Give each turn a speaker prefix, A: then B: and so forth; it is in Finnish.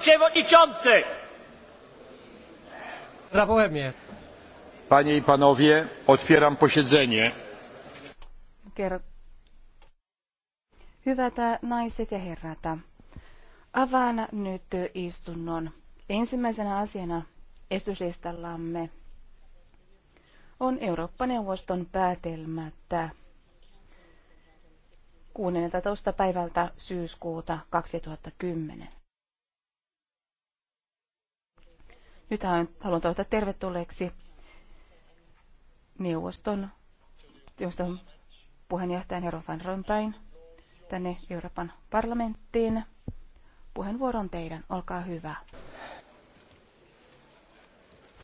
A: przewodniczący!
B: Herra puhemies. Panie i
C: panowie, otwieram posiedzenie.
D: Hyvät naiset ja herrat, avaan nyt istunnon. Ensimmäisenä asiana esityslistallamme on Eurooppa-neuvoston päätelmättä 16. päivältä syyskuuta 2010. Nyt haluan toivottaa tervetulleeksi neuvoston, neuvoston puheenjohtajan Herra Van Rompuyn tänne Euroopan parlamenttiin. Puheenvuoron teidän, olkaa hyvä.